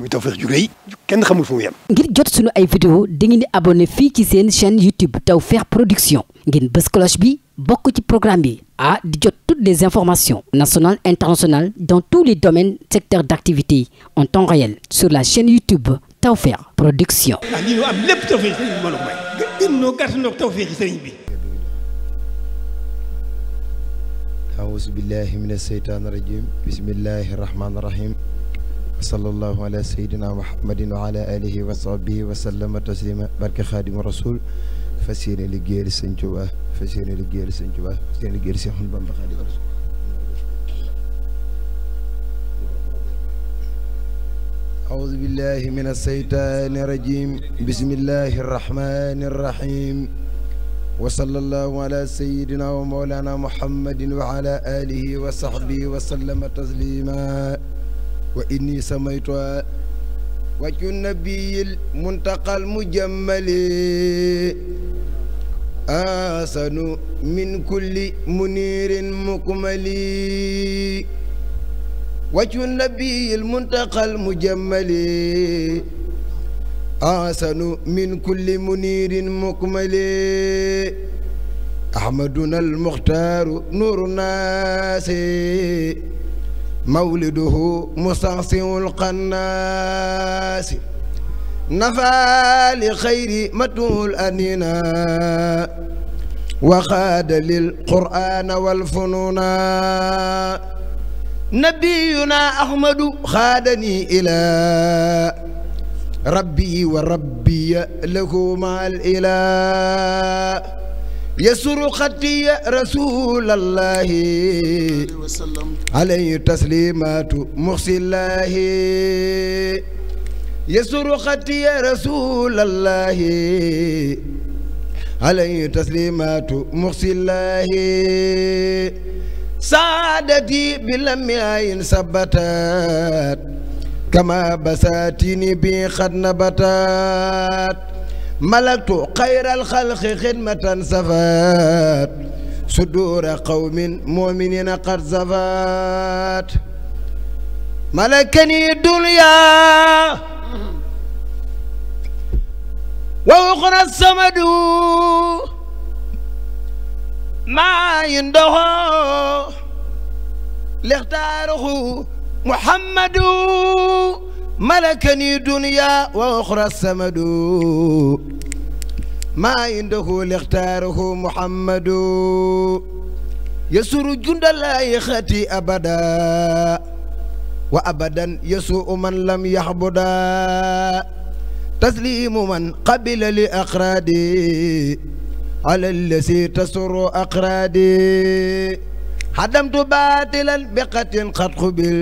muy Tawfekh ju rëy kenn xamul fu mu ngir jot sunu ay vidéo dangeen di abonné fii ci seen chaîne YouTube Tawfekh Production ngeen bës bi bokk ci programme bi ah di jot toutes des informations national internationales dans tous les domaines secteurs d'activité en temps réel sur la chaine YouTube Tawfekh Production. ah lii ñu am lépp Tawfekh sëriñ bi mbooloo mooy gën ñoo gàtt bi. sallallahu ala sayyidina muhammadin wa ala alihi wa sahbihi wa sallama taslima barke xaadimu rasul fas yéene liggéeyal sëñ Tuubaa fas yéene liggéeyal sëñ Tuubaa fas yéene liggéeyal sëñ Bamba xaadimu rasul أعوذ بالله من الشيطان الرجيم بسم الله الرحمن الرحيم وصلى الله على سيدنا ومولانا محمد وعلى آله وصحبه وسلم تسليما wa inni samaytuha wajhu nabiyil muntaqal mujammali asanu min kulli muniirin mukmali wajhu nabiyil muntaqal mujammali asanu min kulli muniirin mukmali ahmaduna al muxtaaru nuuru naasi mawliduhu mustaxsiwul xannaasi nafaa li xayri matuul anina waxaada lil quraana wal funuuna nabiyuna ahmadu xaadani ilaa rabbi wa rabbiya lahu maal ilaa يسر خطي رسول الله عليه تسليمات محسن الله يسر خطي رسول الله عليه تسليمات محسن الله سعادتي بلم عين ثبتت كما بساتيني بي قد نبتت ملكت خير الخلق خدمة سفات صدور قوم مؤمنين قد زفات ملكني الدنيا وأخرى السمد ما ينده لاختاره محمد ملكني دنيا وأخرى السمد ما عنده لاختاره محمد يسر جند لا يختي أبدا وأبدا يسوء من لم يحبدا تسليم من قبل لأقرادي على الذي تسر أقرادي حدمت باطلا بقة قد قبل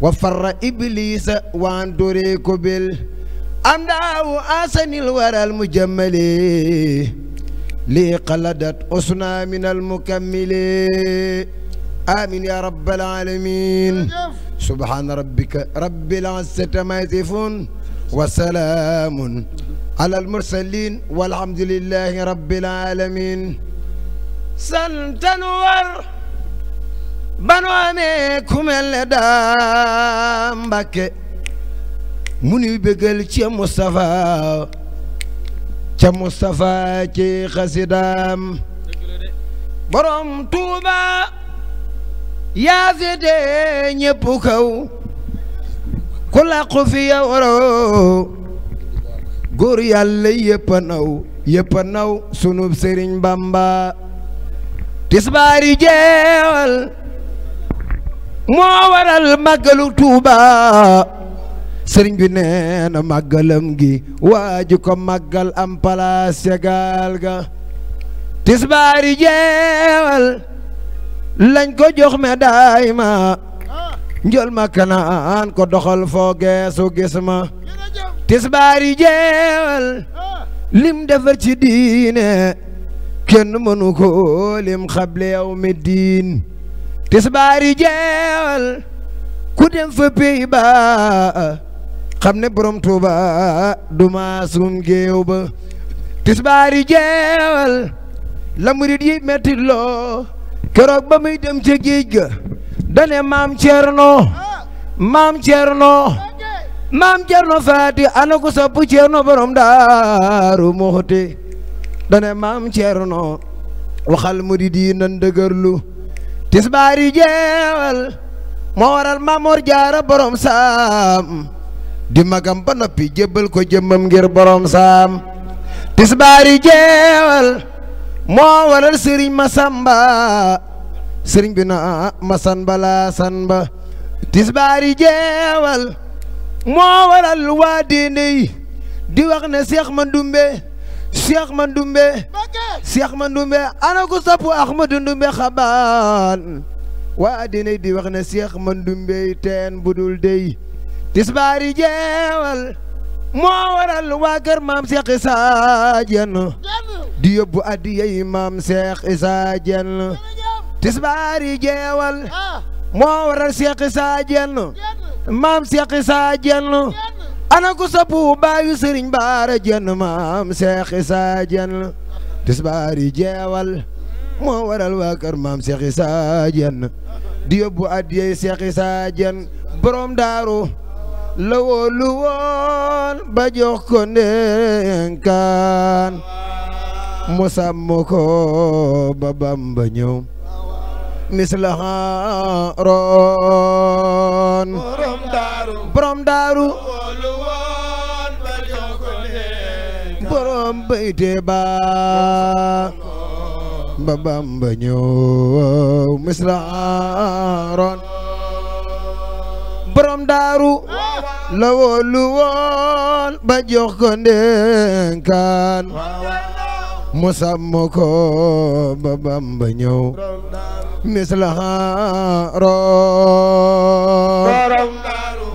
wa farra iblisa waan dore ko bil am daawu asanil waral mu jëmmale lii qaladat usna min al mukammile amin ya rabbal alamin subhaana rabbika rabbil izzati ammaa yasifuun wa salaamun alal mursaliin walhamdulillaahi rabbil aalamiin santanwar banoo amee ku mel ne daa Mbàkke mu nuy bëggal ci Moustapha ca Moustapha ci xasidaam borom Tuuba yaa féete ñépp kaw ku fi yow raw góor yàlla yépp naw yépp naw sunub Sëriñ Bamba tisbaari jeewal moo waral màggalu Tuuba sëriñ bi nee màggalam gi waaju ko màggal am palaas ca gaal ga tisbaari jeewal lañ ko jox me daay ma njol ma kanaan ko doxal foo geesu gis ma tisbaari jeewal lim defar ci diine kenn mënu ko lim xable yow mi diin tisbaari jeewal ku dem fa pey ba xam ne borom Tuuba du maasum ba tisbaari jeewal la murit yi metti loo keroog ba muy dem ca géej ga dane maam Cerno maam Cerno maam Cerno Faati ana ko sopp Cerno borom Daaru Muxti dane maam Cerno waxal murit yi nan dëgërlu tisbaar yi jeewal moo waral Mamoor Jaara borom saam di magam ba noppi jébbal ko jëmmam ngir borom saam tisbaar yi jeewal moo waral sëriñ Masamba sëriñ bi na ah, Masamba laa sanba tisbaar yi jeewal moo waral waa diine di wax ne Seex Mandumbe Cheikh Mandoumbe Cheikh Mandoumbe ana ko sapp Ahmadou Ndoumbe xabaan waa addina di wax ne Cheikh Mandoumbe teen budul dey tisbaari jeewal moo waral waa kër maam Cheikh Issa Diène di yóbbu addiya yi maam Cheikh Issa Diène tisbaari jeewal ah. moo waral Cheikh Issa Diène maam Cheikh Issa Diène ana ku sapu baayu sëriñ baara jenn maam Seex Isaa jenn tisbaari jeewal moo waral waa kër maam Seex Isaa jenn di yóbbu addiyey Seex Isaa jenn borom daaru la wóolu woon ba jox ko ndénkaan mu sàmm ba Bamba ñëw mislaha roon borom daaru borom bayte ba ba Bamba daaru la wóolu woon ba ko ndénkaan mu sàmm ko ba Bamba ñëw misraaroon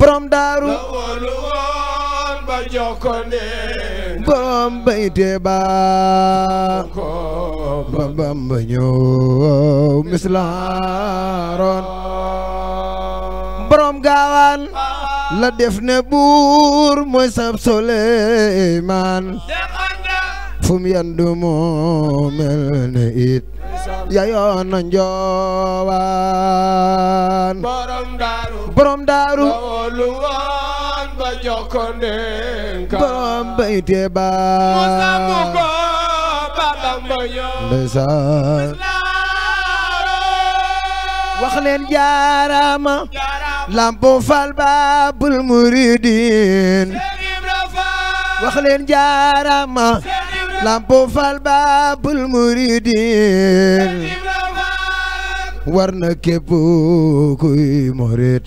borom daaru la wóolu woon ba jox ko ndénkaan borom bayte ba ba bamba ñëw mislaaroon borom gaawaan la def ne buur mooy sab Suleymaan fum yandu moo mel ne it yayoon njoowaan borom daaru Jokondenka borom bayte ba Musa Moko wax leen jaarama kuy murid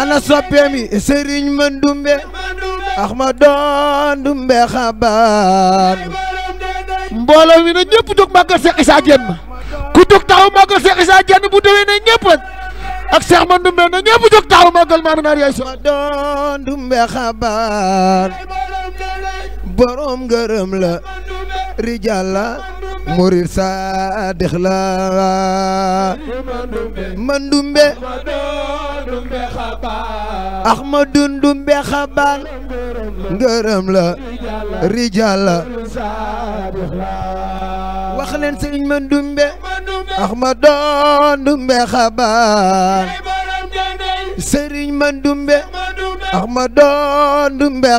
ana soppeem yi Serigne Mandoumbe Ahmadou Ndoumbe xabaan mbooloo mi na ñëpp jóg màggal Cheikh Issa ma ku jóg taxaw màggal Cheikh Issa bu déwee ne ñëpp ak Cheikh Mandoumbe na ñëpp jóg taxaw màggal maam naar yaay so Ahmadou Ndoumbe xabaan borom ngërëm la rijal la murid saadix la Mandoumbe Ahmadun Dumbe Xabaan ngërëm la rijal la wax leen sëriñ ma Dumbe Dumbe Xabaan sëriñ ma Dumbe Ahmadun Dumbe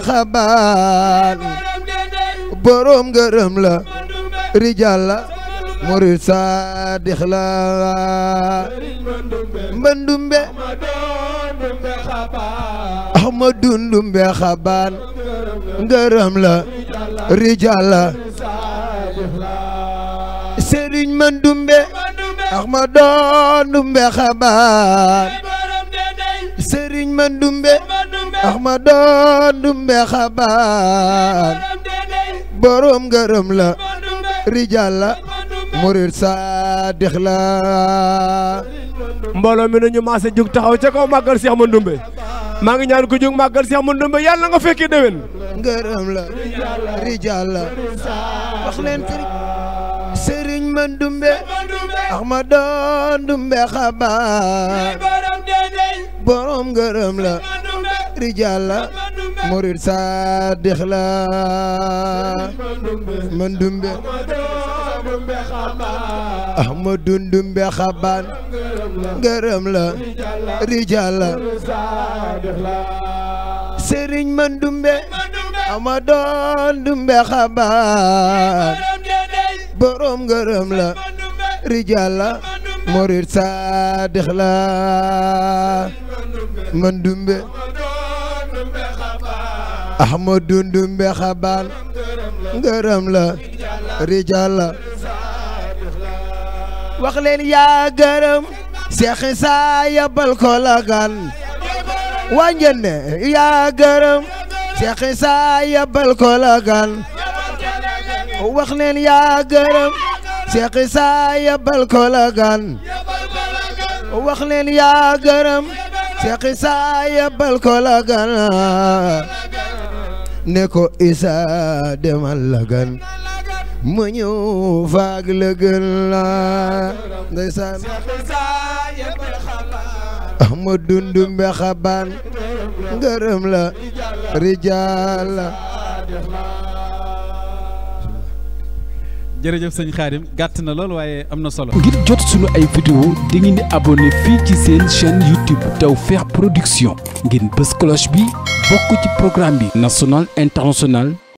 borom ngërëm la rijal la murid saadix la Mbandumbe Ahmadu Ndumbe Xabaan ngërëm la rijal la Serigne man Ndumbe Ahmadu Ndumbe Xabaan Serigne man Ndumbe Ahmadu Ndumbe Xabaan borom ngërëm la rijal la murid saadix la mbooloo mi nañu maase jug taxaw ca kaw màggal Cheikh Mandoumbe maa ngi ñaan ko jug màggal Cheikh Mandoumbe yàlla nga fekkee déwén ngërëm la rijal la wax leen sëriñ Mandoumbe ax ma doon dumbe xabaar borom ngërëm la rijal la murid saadix la Mandoumbe ax ma dundumbe xabaan gërëm la rijal la sëriñ man dumbe ama doon dumbe xabaar borom gërëm la rijal la murid saadix la man dumbe ahmadu dumbe xabaar gërëm la rijal la yaa gërëm Seex Isaa yabal ko la gan njenne yaa gërëm Seex Isaa yabal ko la gan wax leen yaa gërëm Seex Isaa yabal ko la gan ko la gan demal la ma ñëw faag la gën laa ndeysaan ma dundu mbexabaan ngërëm la rijaal la sëñ Xaadim gàtt na lool waaye am na solo. ngir jot sunu ay vidéo di ngeen di abonné fii ci seen chaîne YouTube Tawfekh Production. ngeen bës cloche bi bokk ci programme bi. national international.